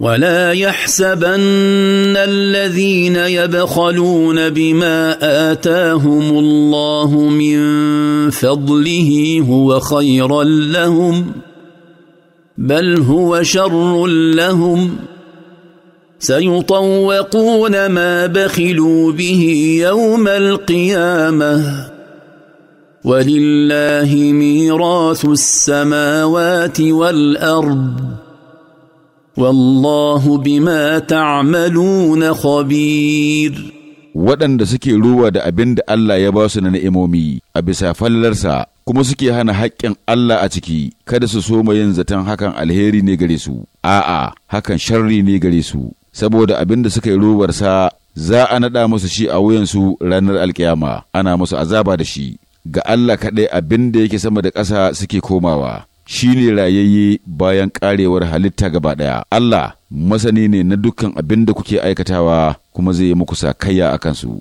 ولا يحسبن الذين يبخلون بما اتاهم الله من فضله هو خيرا لهم بل هو شر لهم سيطوقون ما بخلوا به يوم القيامه ولله ميراث السماوات والارض والله بما تعملون خبير waɗanda suke ruwa da abin da Allah ya ba su na ni'imomi a bisa fallarsa kuma suke hana haƙƙin Allah a ciki kada su soma yin zaton hakan alheri ne gare su a'a hakan sharri ne gare su saboda abin da suka yi ruwarsa za a naɗa musu shi a wuyansu ranar alkiyama ana musu azaba da shi ga Allah kaɗai abin da yake sama da ƙasa suke komawa shi ne rayayye bayan karewar halitta gaba ɗaya. Allah masani ne na dukkan abin da kuke aikatawa kuma zai yi muku sakayya a kansu.